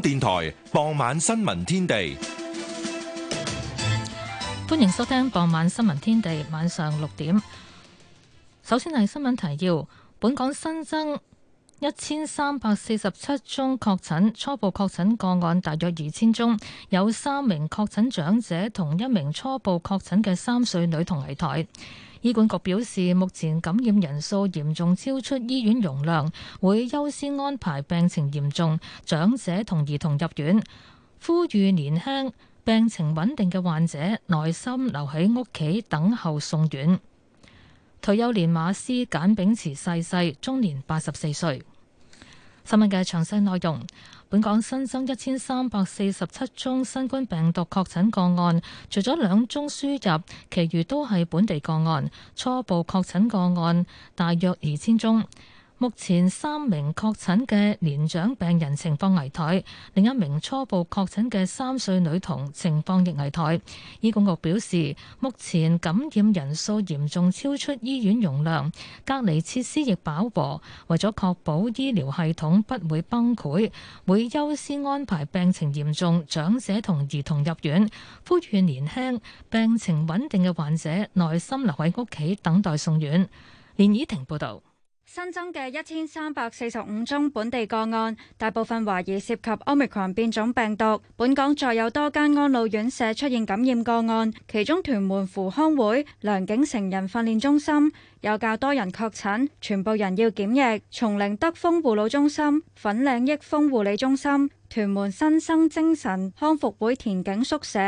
電台傍晚新聞天地，歡迎收聽傍晚新聞天地。晚上六點，首先係新聞提要。本港新增一千三百四十七宗確診，初步確診個案大約二千宗，有三名確診長者同一名初步確診嘅三歲女童危殆。醫管局表示，目前感染人數嚴重超出醫院容量，會優先安排病情嚴重、長者同兒童入院，呼籲年輕、病情穩定嘅患者耐心留喺屋企等候送院。退休年馬師簡炳墀逝世，世，終年八十四歲。新聞嘅詳細內容，本港新增一千三百四十七宗新冠病毒確診個案，除咗兩宗輸入，其餘都係本地個案。初步確診個案大約二千宗。目前三名確診嘅年長病人情況危殆，另一名初步確診嘅三歲女童情況亦危殆。醫管局表示，目前感染人數嚴重超出醫院容量，隔離設施亦飽和。為咗確保醫療系統不會崩潰，會優先安排病情嚴重長者同兒童入院。呼籲年輕病情穩定嘅患者耐心留喺屋企等待送院。連倚婷報道。新增嘅一千三百四十五宗本地個案，大部分懷疑涉及 Omicron 變種病毒。本港再有多間安老院舍出現感染個案，其中屯門扶康會、良景成人訓練中心有較多人確診，全部人要檢疫。松靈德豐護老中心、粉嶺益豐護理中心、屯門新生精神康復會田景宿舍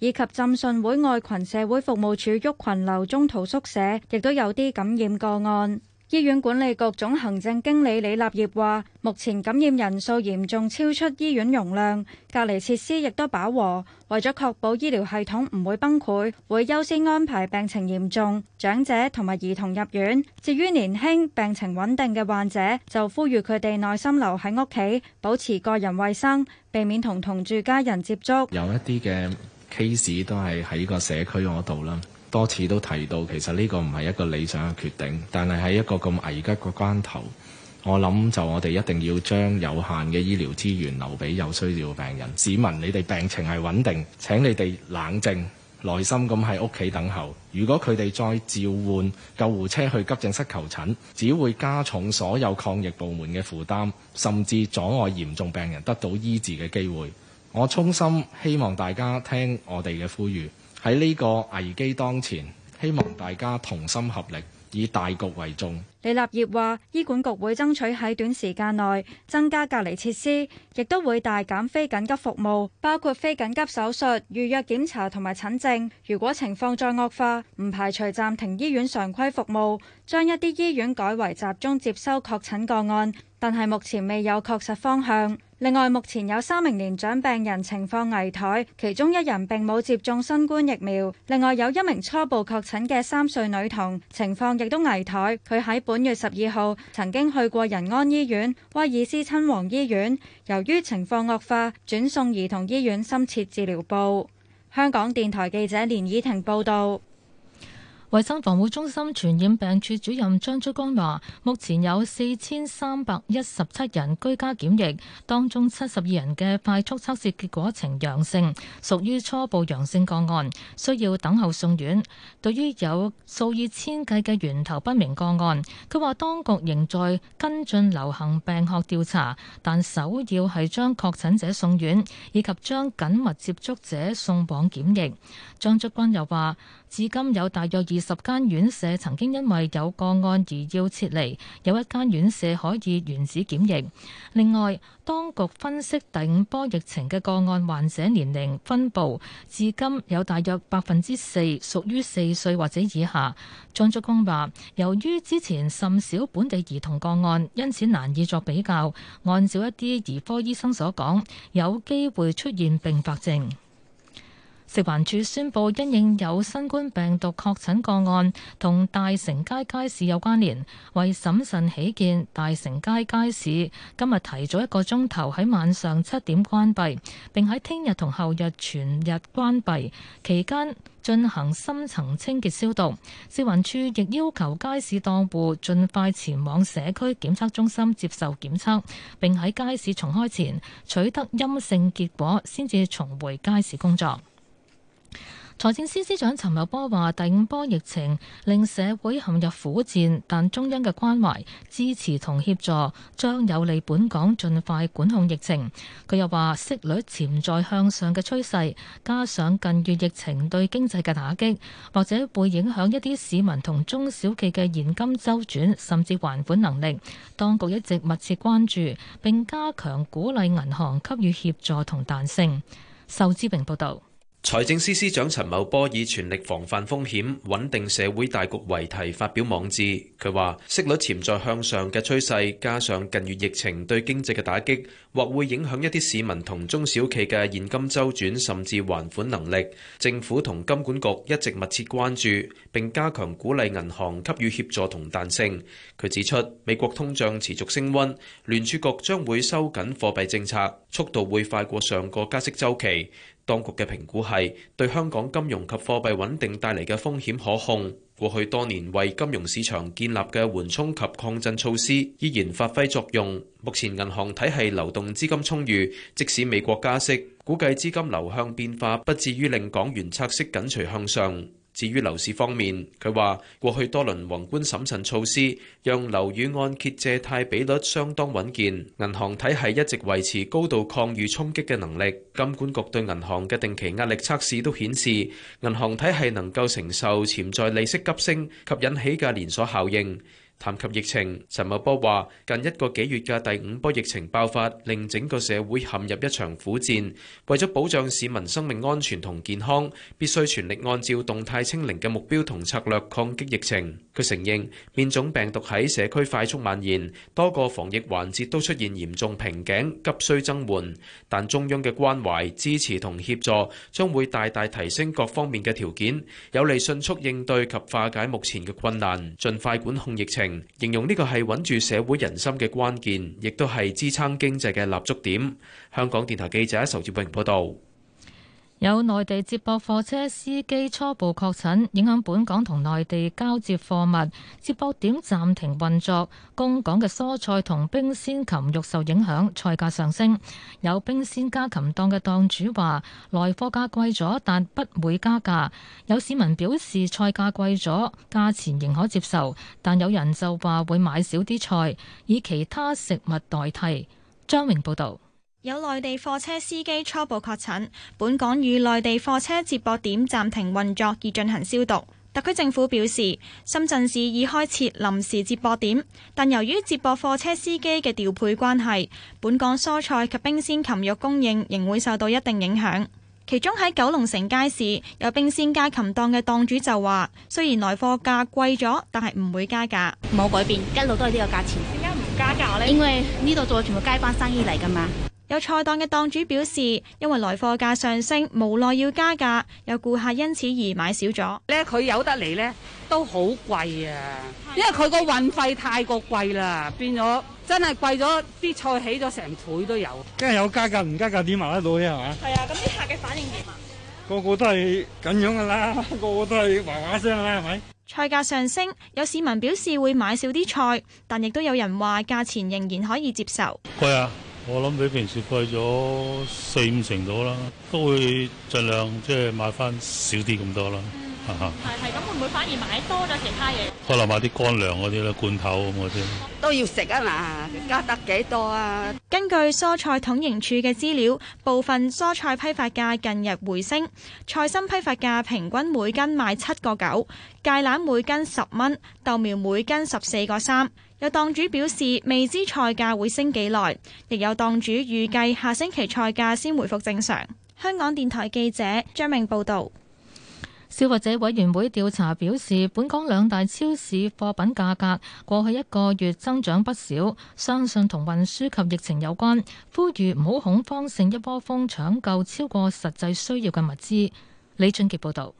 以及浸信會愛群社會服務處郁群樓中途宿舍亦都有啲感染個案。醫院管理局總行政經理李立業話：目前感染人數嚴重超出醫院容量，隔離設施亦都飽和。為咗確保醫療系統唔會崩潰，會優先安排病情嚴重、長者同埋兒童入院。至於年輕、病情穩定嘅患者，就呼籲佢哋耐心留喺屋企，保持個人衛生，避免同同住家人接觸。有一啲嘅 case 都係喺個社區嗰度啦。多次都提到，其實呢個唔係一個理想嘅決定，但係喺一個咁危急嘅關頭，我諗就我哋一定要將有限嘅醫療資源留俾有需要嘅病人。市民，你哋病情係穩定，請你哋冷靜，耐心咁喺屋企等候。如果佢哋再召喚救護車去急症室求診，只會加重所有抗疫部門嘅負擔，甚至阻礙嚴重病人得到醫治嘅機會，我衷心希望大家聽我哋嘅呼籲。喺呢個危機當前，希望大家同心合力，以大局為重。李立業話，醫管局會爭取喺短時間內增加隔離設施，亦都會大減非緊急服務，包括非緊急手術、預約檢查同埋診症。如果情況再惡化，唔排除暫停醫院常規服務，將一啲醫院改為集中接收確診個案。但係目前未有確實方向。另外，目前有三名年長病人情況危殆，其中一人並冇接種新冠疫苗。另外，有一名初步確診嘅三歲女童情況亦都危殆，佢喺本月十二號曾經去過仁安醫院、威爾斯親王醫院，由於情況惡化，轉送兒童醫院深切治療部。香港電台記者連以婷報導。衛生防護中心傳染病處主任張竹君話，目前有四千三百一十七人居家檢疫，當中七十二人嘅快速測試結果呈陽性，屬於初步陽性個案，需要等候送院。對於有數以千計嘅源頭不明個案，佢話當局仍在跟進流行病學調查，但首要係將確診者送院，以及將緊密接觸者送往檢疫。張竹君又話。至今有大約二十間院舍曾經因為有個案而要撤離，有一間院舍可以原址檢疫。另外，當局分析第五波疫情嘅個案患者年齡分布，至今有大約百分之四屬於四歲或者以下。張竹君話由於之前甚少本地兒童個案，因此難以作比較，按照一啲兒科醫生所講有機會出現併發症。食環署宣布，因應有新冠病毒確診個案同大成街街市有關聯，為審慎起見，大成街街市今日提早一個鐘頭喺晚上七點關閉，並喺聽日同後日全日關閉，期間進行深層清潔消毒。食環署亦要求街市檔戶盡快前往社區檢測中心接受檢測，並喺街市重開前取得陰性結果，先至重回街市工作。財政司司長陳茂波話：第五波疫情令社會陷入苦戰，但中央嘅關懷、支持同協助將有利本港盡快管控疫情。佢又話：息率潛在向上嘅趨勢，加上近月疫情對經濟嘅打擊，或者會影響一啲市民同中小企嘅現金周轉甚至還款能力。當局一直密切關注，並加強鼓勵銀行給予協助同彈性。仇志榮報道。財政司司長陳茂波以「全力防範風險、穩定社會大局」為題發表網誌。佢話：息率潛在向上嘅趨勢，加上近月疫情對經濟嘅打擊，或會影響一啲市民同中小企嘅現金周轉，甚至還款能力。政府同金管局一直密切關注，並加強鼓勵銀行給予協助同彈性。佢指出，美國通脹持續升溫，聯儲局將會收緊貨幣政策，速度會快過上個加息週期。當局嘅評估係對香港金融及貨幣穩定帶嚟嘅風險可控。過去多年為金融市場建立嘅緩衝及抗震措施依然發揮作用。目前銀行體系流動資金充裕，即使美國加息，估計資金流向變化不至於令港元拆息緊隨向上。至於樓市方面，佢話過去多輪宏觀審慎措施，讓樓宇按揭借貸比率相當穩健，銀行體系一直維持高度抗御衝擊嘅能力。金管局對銀行嘅定期壓力測試都顯示，銀行體系能夠承受潛在利息急升及引起嘅連鎖效應。談及疫情，陳茂波話近一個幾月嘅第五波疫情爆發令整個社會陷入一場苦戰。為咗保障市民生命安全同健康，必須全力按照動態清零嘅目標同策略抗擊疫情。佢承認變種病毒喺社區快速蔓延，多個防疫環節都出現嚴重瓶頸急需增援。但中央嘅關懷支持同協助，將會大大提升各方面嘅條件，有利迅速應對及化解目前嘅困難，盡快管控疫情。形容呢個係穩住社會人心嘅關鍵，亦都係支撐經濟嘅立足點。香港電台記者仇志榮報道。有內地接駁貨車司機初步確診，影響本港同內地交接貨物，接駁點暫停運作，供港嘅蔬菜同冰鮮禽肉受影響，菜價上升。有冰鮮家禽檔嘅檔主話：來貨價貴咗，但不會加價。有市民表示菜價貴咗，價錢仍可接受，但有人就話會買少啲菜，以其他食物代替。張榮報導。有內地貨車司機初步確診，本港與內地貨車接駁點暫停運作而進行消毒。特區政府表示，深圳市已開設臨時接駁點，但由於接駁貨車司機嘅調配關係，本港蔬菜及冰鮮禽肉供應仍會受到一定影響。其中喺九龍城街市有冰鮮雞禽檔嘅檔主就話：雖然來貨價價貴咗，但係唔會加價，冇改變，一路都係呢個價錢。點解唔加價呢？因為呢度做全部街坊生意嚟㗎嘛。有菜檔嘅檔主表示，因為來貨價上升，無奈要加價，有顧客因此而買少咗咧。佢有得嚟咧都好貴啊，因為佢個運費太過貴啦，變咗真係貴咗啲菜，起咗成倍都有。梗係有加價唔加價，點買得到啫？係嘛？係啊，咁啲客嘅反應點啊？個個都係咁樣噶啦，個個都係話話聲啦，係咪？菜價上升，有市民表示會買少啲菜，但亦都有人話價錢仍然可以接受。係啊。我諗比平時貴咗四五成度啦，都會盡量即係買翻少啲咁多啦。係係，咁會唔會反而買多咗其他嘢？可能買啲乾糧嗰啲啦，罐頭咁嘅啫。都要食啊嗱，加得幾多啊？根據蔬菜統營處嘅資料，部分蔬菜批發價近日回升，菜心批發價平均每斤賣七個九，芥蘭每斤十蚊，豆苗每斤十四個三。有檔主表示未知菜價會升幾耐，亦有檔主預計下星期菜價先回復正常。香港電台記者張明報道。消費者委員會調查表示，本港兩大超市貨品價格過去一個月增長不少，相信同運輸及疫情有關，呼籲唔好恐慌性一窩蜂搶購超過實際需要嘅物資。李俊傑報導，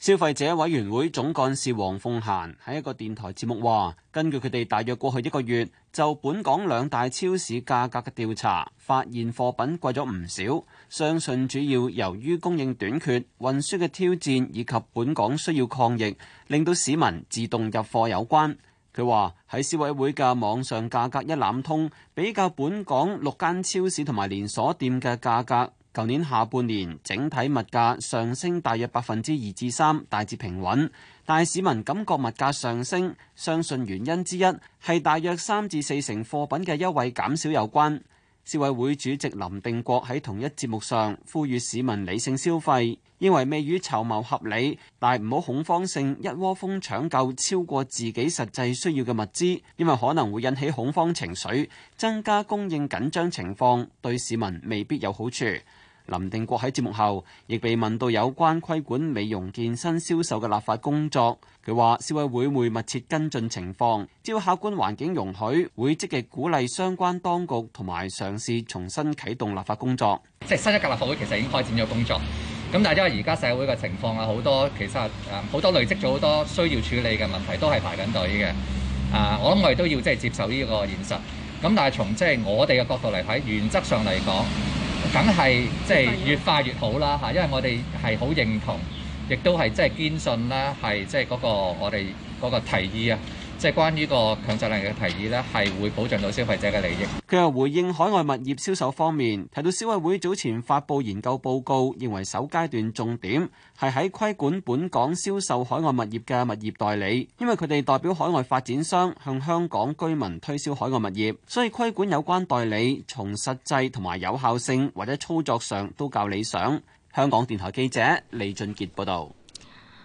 消費者委員會總幹事黃鳳嫻喺一個電台節目話，根據佢哋大約過去一個月就本港兩大超市價格嘅調查，發現貨品貴咗唔少。相信主要由於供應短缺，運輸嘅挑戰以及本港需要抗疫，令到市民自動入貨有關。佢話喺消委會嘅網上價格一覽通，比較本港六間超市同埋連鎖店嘅價格。舊年下半年整體物價上升大約百分之二至三，大致平穩，但係市民感覺物價上升，相信原因之一係大約三至四成貨品嘅優惠減少有關。消委會主席林定國喺同一節目上呼籲市民理性消費，認為未雨綢繆合理，但唔好恐慌性一窩蜂搶購超過自己實際需要嘅物資，因為可能會引起恐慌情緒，增加供應緊張情況，對市民未必有好處。林定國喺節目後亦被問到有關規管美容健身銷售嘅立法工作。佢話，消委會會密切跟進情況，只要客觀環境容許，會積極鼓勵相關當局同埋嘗試重新啟動立法工作。即係新一屆立法會其實已經開展咗工作，咁但係因為而家社會嘅情況啊，好多其實誒好多累積咗好多需要處理嘅問題，都係排緊隊嘅。啊，我諗我哋都要即係接受呢個現實。咁但係從即係我哋嘅角度嚟睇，原則上嚟講，梗係即係越快越好啦嚇。因為我哋係好認同。亦都係即係堅信啦，係即係嗰個我哋嗰個提議啊，即係關於個強制令嘅提議咧，係會保障到消費者嘅利益。佢又回應海外物業銷售方面，提到消委會早前發佈研究報告，認為首階段重點係喺規管本港銷售海外物業嘅物業代理，因為佢哋代表海外發展商向香港居民推銷海外物業，所以規管有關代理，從實際同埋有效性或者操作上都較理想。香港電台記者李俊杰報道。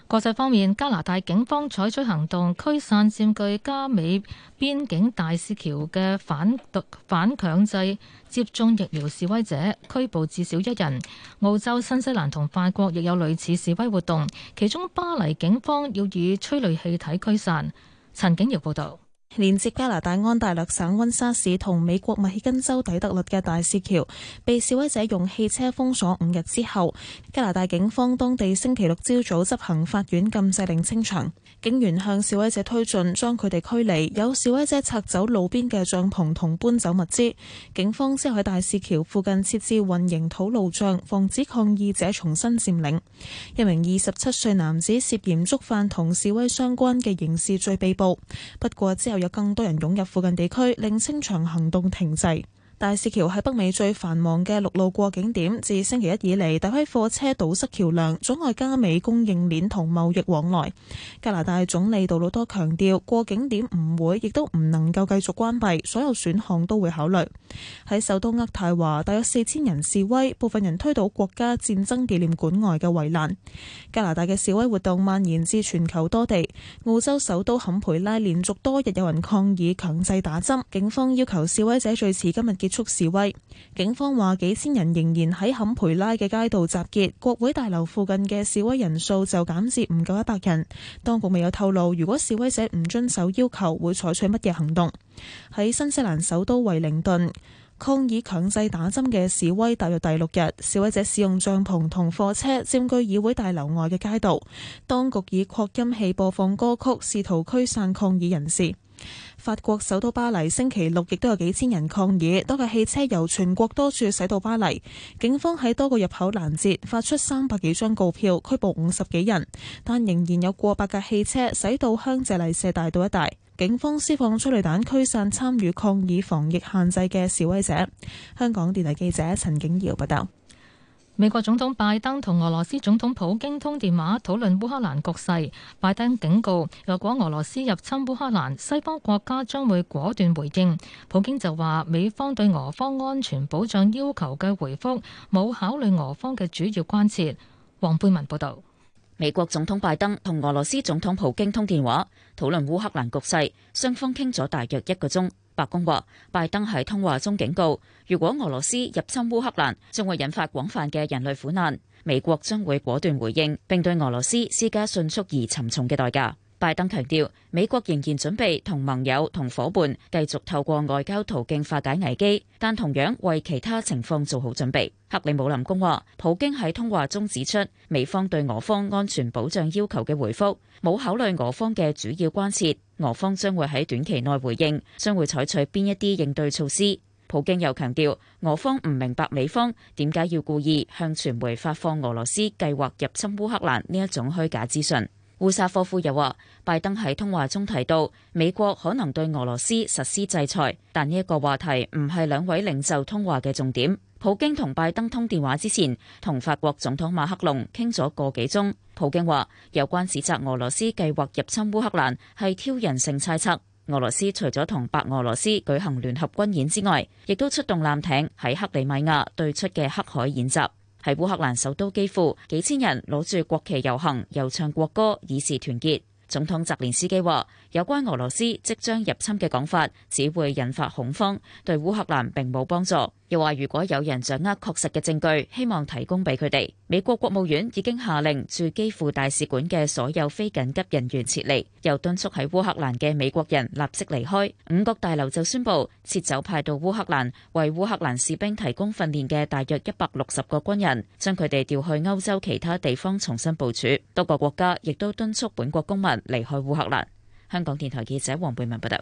國際方面，加拿大警方採取行動驅散佔據加美邊境大市橋嘅反毒反強制接種疫苗示威者，拘捕至少一人。澳洲、新西蘭同法國亦有類似示威活動，其中巴黎警方要以催淚氣體驅散。陳景瑤報道。連接加拿大安大略省溫莎市同美國密歇根州底特律嘅大使橋，被示威者用汽車封鎖五日之後，加拿大警方當地星期六朝早執行法院禁制令清場。警員向示威者推進，將佢哋驅離。有示威者拆走路邊嘅帳篷同搬走物資。警方之後喺大市橋附近設置混凝土路障，防止抗議者重新佔領。一名二十七歲男子涉嫌觸犯同示威相關嘅刑事罪被捕。不過之後有更多人湧入附近地區，令清場行動停滯。大使橋係北美最繁忙嘅陸路過境點，自星期一以嚟，大批貨車堵塞橋梁，阻礙加美供應鏈同貿易往來。加拿大總理杜魯多強調，過境點唔會，亦都唔能夠繼續關閉，所有選項都會考慮。喺首都渥太華，大約四千人示威，部分人推倒國家戰爭紀念館外嘅圍欄。加拿大嘅示威活動蔓延至全球多地，澳洲首都坎培拉連續多日有人抗議強制打針，警方要求示威者最遲今日結促示威，警方話幾千人仍然喺坎培拉嘅街道集結，國會大樓附近嘅示威人數就減至唔夠一百人。當局未有透露，如果示威者唔遵守要求，會採取乜嘢行動。喺新西蘭首都惠靈頓，抗議強制打針嘅示威踏入第六日，示威者使用帳篷同貨車佔據議會大樓外嘅街道，當局以擴音器播放歌曲，試圖驅散抗議人士。法國首都巴黎星期六亦都有幾千人抗議，多架汽車由全國多處駛到巴黎，警方喺多個入口攔截，發出三百幾張告票，拘捕五十幾人，但仍然有過百架汽車駛到香榭麗舍大道一帶，警方施放催淚彈驅散參與抗議防疫限制嘅示威者。香港電台記者陳景堯報道。美國總統拜登同俄羅斯總統普京通電話討論烏克蘭局勢，拜登警告，若果俄羅斯入侵烏克蘭，西方國家將會果斷回應。普京就話美方對俄方安全保障要求嘅回覆冇考慮俄方嘅主要關切。黃佩文報道，美國總統拜登同俄羅斯總統普京通電話討論烏克蘭局勢，雙方傾咗大約一個鐘。白宮話，拜登喺通話中警告，如果俄羅斯入侵烏克蘭，將會引發廣泛嘅人類苦難。美國將會果斷回應，並對俄羅斯施加迅速而沉重嘅代價。拜登強調，美國仍然準備同盟友同夥伴繼續透過外交途徑化解危機，但同樣為其他情況做好準備。克里姆林宮話，普京喺通話中指出，美方對俄方安全保障要求嘅回覆冇考慮俄方嘅主要關切，俄方將會喺短期內回應，將會採取邊一啲應對措施。普京又強調，俄方唔明白美方點解要故意向傳媒發放俄羅斯計劃入侵烏克蘭呢一種虛假資訊。烏沙科夫又話，拜登喺通話中提到美國可能對俄羅斯實施制裁，但呢一個話題唔係兩位領袖通話嘅重點。普京同拜登通電話之前，同法國總統馬克龍傾咗個幾鐘。普京話，有關指責俄羅斯計劃入侵烏克蘭係挑釁性猜測。俄羅斯除咗同白俄羅斯舉行聯合軍演之外，亦都出動艦艇喺克里米亞對出嘅黑海演習。喺烏克蘭首都基輔，幾千人攞住國旗遊行，又唱國歌，以示團結。總統澤連斯基話：有關俄羅斯即將入侵嘅講法只會引發恐慌，對烏克蘭並冇幫助。又話，如果有人掌握確實嘅證據，希望提供俾佢哋。美國國務院已經下令駐基輔大使館嘅所有非緊急人員撤離，又敦促喺烏克蘭嘅美國人立即離開。五角大樓就宣布撤走派到烏克蘭為烏克蘭士兵提供訓練嘅大約一百六十個軍人，將佢哋調去歐洲其他地方重新部署。多個國家亦都敦促本國公民離開烏克蘭。香港電台記者王貝文報道，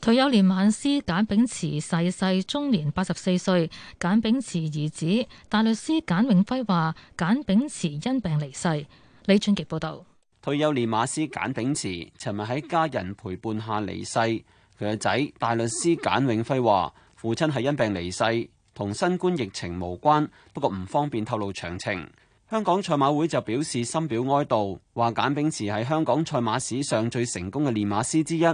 退休練馬師簡炳墀逝世，終年八十四歲。簡炳墀兒子大律師簡永輝話：簡炳墀因病離世。李俊杰報道，退休練馬師簡炳墀尋日喺家人陪伴下離世。佢嘅仔大律師簡永輝話：父親係因病離世，同新冠疫情無關，不過唔方便透露詳情。香港賽馬會就表示深表哀悼，話簡炳墀係香港賽馬史上最成功嘅練馬師之一。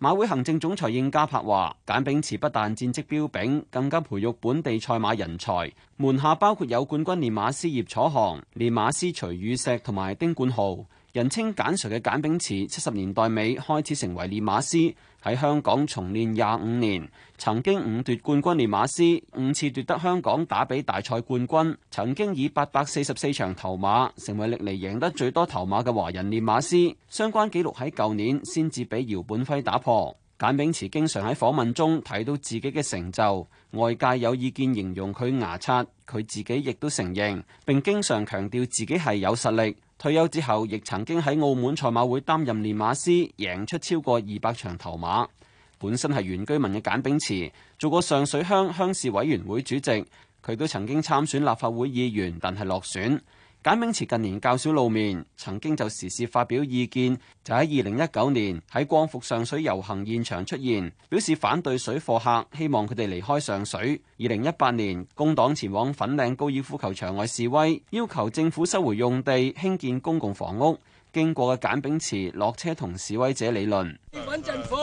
馬會行政總裁應家柏話，簡炳墀不但戰績彪炳，更加培育本地賽馬人才，門下包括有冠軍練馬師葉楚航、練馬師徐宇石同埋丁冠豪。人稱簡 Sir 嘅簡炳墀，七十年代尾開始成為練馬師。喺香港重練廿五年，曾經五奪冠軍練馬師，五次奪得香港打比大賽冠軍，曾經以八百四十四場頭馬，成為歷來贏得最多頭馬嘅華人練馬師。相關記錄喺舊年先至俾姚本輝打破。簡炳池經常喺訪問中睇到自己嘅成就，外界有意見形容佢牙刷，佢自己亦都承認，並經常強調自己係有實力。退休之後，亦曾經喺澳門賽馬會擔任練馬師，贏出超過二百場頭馬。本身係原居民嘅簡炳池，做過上水鄉鄉事委員會主席，佢都曾經參選立法會議員，但係落選。簡炳池近年較少露面，曾經就時事發表意見，就喺二零一九年喺光復上水遊行現場出現，表示反對水貨客，希望佢哋離開上水。二零一八年，工黨前往粉嶺高爾夫球場外示威，要求政府收回用地興建公共房屋，經過嘅簡炳池落車同示威者理論。你揾政府，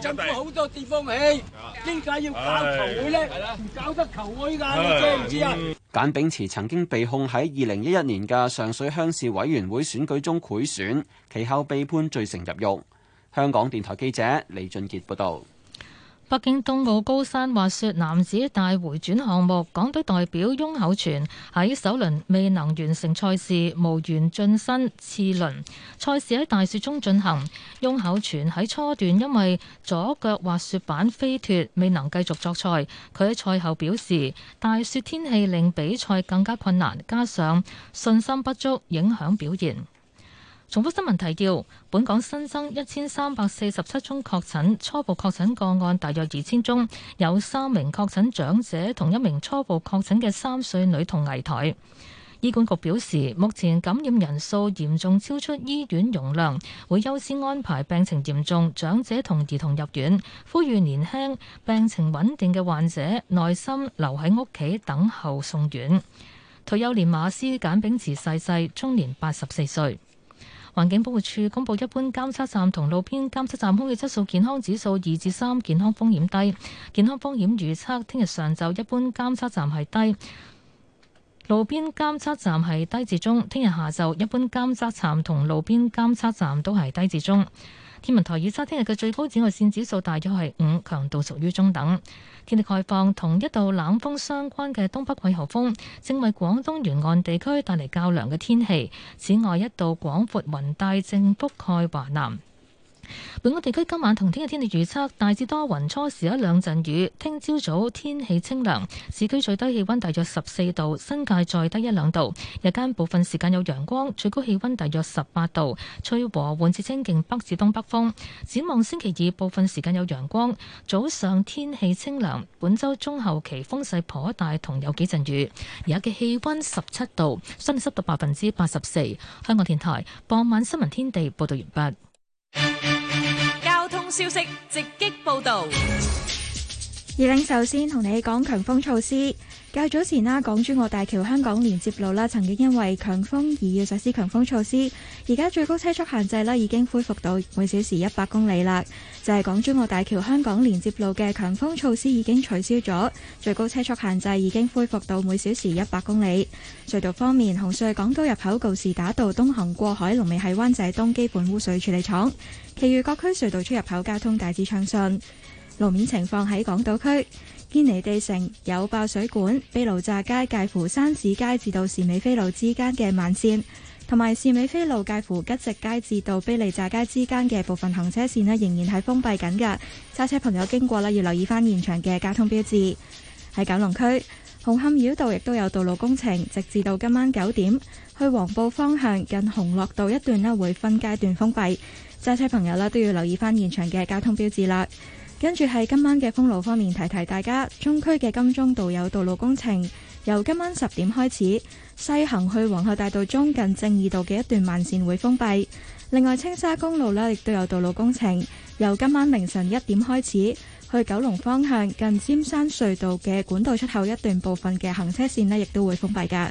政府好多地方起，點解要搞球會咧？唔搞得球會噶，的你知唔知啊？嗯簡炳墀曾經被控喺二零一一年嘅上水鄉事委員會選舉中賄選，其後被判罪成入獄。香港電台記者李俊杰報道。北京冬奧高山滑雪男子大回轉項目，港隊代表翁口全喺首輪未能完成賽事，無緣晉身次輪。賽事喺大雪中進行，翁口全喺初段因為左腳滑雪板飛脫，未能繼續作賽。佢喺賽後表示，大雪天氣令比賽更加困難，加上信心不足，影響表現。重複新聞提要：本港新增一千三百四十七宗確診，初步確診個案大約二千宗，有三名確診長者同一名初步確診嘅三歲女童危殆。醫管局表示，目前感染人數嚴重超出醫院容量，會優先安排病情嚴重長者同兒童入院。呼籲年輕病情穩定嘅患者耐心留喺屋企等候送院。退休練馬師簡炳墀逝世，終年八十四歲。環境保護署公布，一般監測站同路邊監測站空氣質素健康指數二至三，健康風險低。健康風險預測，聽日上晝一般監測站係低，路邊監測站係低至中。聽日下晝一般監測站同路邊監測站都係低至中。天文台預測，聽日嘅最高紫外線指數大約係五，強度屬於中等。天氣概況，同一道冷風相關嘅東北季候風，正為廣東沿岸地區帶嚟較涼嘅天氣。此外，一道廣闊雲帶正覆蓋華南。本港地區今晚同聽日天氣預測大致多雲，初時一兩陣雨。聽朝早，早天氣清涼，市區最低氣溫大約十四度，新界再低一兩度。日間部分時間有陽光，最高氣溫大約十八度，吹和緩至清勁北至東北風。展望星期二部分時間有陽光，早上天氣清涼。本周中後期風勢頗大，同有幾陣雨。而家嘅氣溫十七度，相對濕度百分之八十四。香港電台傍晚新聞天地報道完畢。交通消息直擊報道，而領首先同你講強風措施。較早前啦，港珠澳大橋香港連接路啦，曾經因為強風而要實施強風措施，而家最高車速限制呢已經恢復到每小時一百公里啦。就係港珠澳大橋香港連接路嘅強風措施已經取消咗，最高車速限制已經恢復到每小時一百公里。隧道方面，紅隧港島入口告士打道東行過海，龍尾喺灣仔東基本污水處理廠，其餘各區隧道出入口交通大致暢順。路面情況喺港島區。堅尼地城有爆水管，卑路乍街介乎山市街至到士美菲路之間嘅慢線，同埋士美菲路介乎吉直街至到卑路乍街，街之間嘅部分行車線咧，仍然係封閉緊噶。揸車朋友經過啦，要留意翻現場嘅交通標誌。喺九龍區紅磡繞道亦都有道路工程，直至到今晚九點，去黃埔方向近紅樂道一段咧會分階段封閉，揸車朋友咧都要留意翻現場嘅交通標誌啦。跟住喺今晚嘅封路方面，提提大家，中區嘅金鐘道有道路工程，由今晚十點開始，西行去皇后大道中近正義道嘅一段慢線會封閉。另外，青沙公路呢亦都有道路工程，由今晚凌晨一點開始，去九龍方向近尖山隧道嘅管道出口一段部分嘅行車線呢亦都會封閉㗎。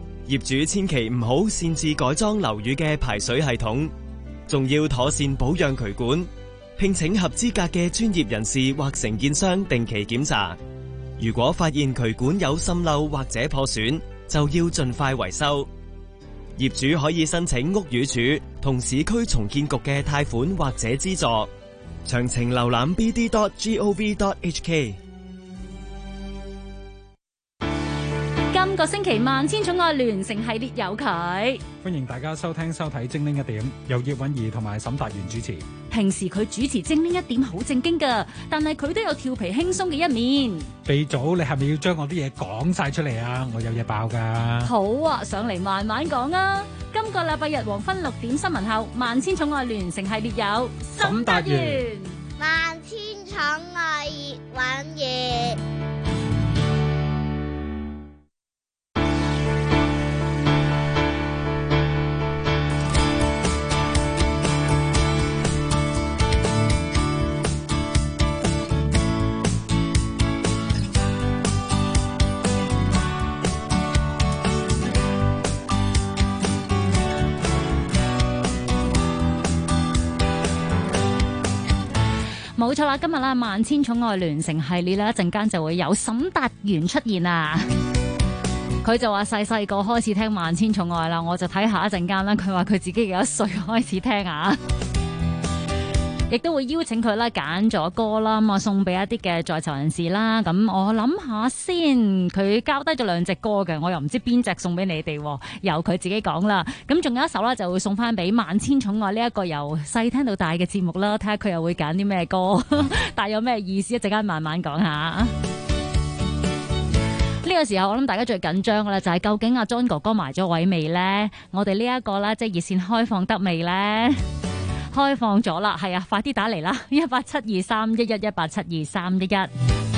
業主千祈唔好擅自改裝樓宇嘅排水系統，仲要妥善保養渠管，聘請合資格嘅專業人士或承建商定期檢查。如果發現渠管有滲漏或者破損，就要盡快維修。業主可以申請屋宇署同市區重建局嘅貸款或者資助。詳情瀏覽 bd.gov.hk。個星期萬千寵愛聯成系列有佢，歡迎大家收聽，收，聽收睇《精靈一點》，由葉允儀同埋沈達元主持。平時佢主持《精靈一點》好正經噶，但係佢都有調皮輕鬆嘅一面。鼻祖，你係咪要將我啲嘢講晒出嚟啊？我有嘢爆噶。好啊，上嚟慢慢講啊。今個禮拜日黃昏六點新聞後，萬千寵愛聯成系列有沈達元。萬千寵愛葉允儀。冇錯啦，今日啦《萬千寵愛聯成系列》咧，一陣間就會有沈達源出現啦！佢 就話細細個開始聽《萬千寵愛》啦，我就睇下一陣間啦。佢話佢自己幾多歲開始聽啊？ 亦都會邀請佢啦，揀咗歌啦，咁啊送俾一啲嘅在場人士啦。咁我諗下先，佢交低咗兩隻歌嘅，我又唔知邊隻送俾你哋，由佢自己講啦。咁仲有一首啦，就會送翻俾《萬千寵愛》呢一個由細聽到大嘅節目啦。睇下佢又會揀啲咩歌，但有咩意思？一陣間慢慢講下。呢 個時候我諗大家最緊張嘅咧，就係究竟阿 John 哥哥埋咗位未呢？我哋呢一個啦，即係熱線開放得未呢？開放咗啦，係啊，快啲打嚟啦，一八七二三一一一八七二三一一。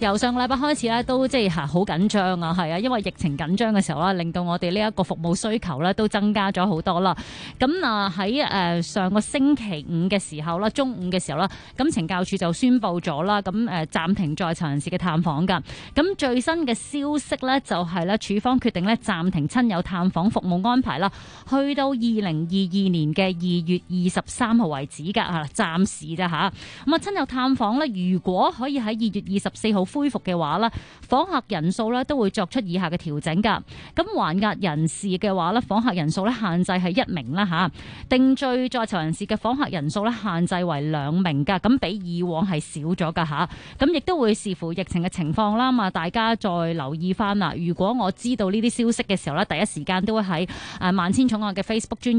由上個禮拜開始咧，都即係嚇好緊張啊，係啊，因為疫情緊張嘅時候啦，令到我哋呢一個服務需求咧都增加咗好多啦。咁啊喺誒上個星期五嘅時候啦，中午嘅時候啦，咁懲教處就宣布咗啦，咁誒暫停在囚人士嘅探訪㗎。咁最新嘅消息咧就係、是、咧，處方決定咧暫停親友探訪服務安排啦，去到二零二二年嘅二月二十三號為止㗎，啊，暫時啫嚇。咁啊親友探訪咧，如果可以喺二月二十四號。恢復嘅話啦，訪客人數呢都會作出以下嘅調整噶。咁還押人士嘅話咧，訪客人數呢限制係一名啦吓。定罪在囚人士嘅訪客人數呢限制為兩名噶。咁比以往係少咗噶吓。咁亦都會視乎疫情嘅情況啦。咁大家再留意翻啦。如果我知道呢啲消息嘅時候咧，第一時間都會喺啊萬千寵愛嘅 Facebook 專。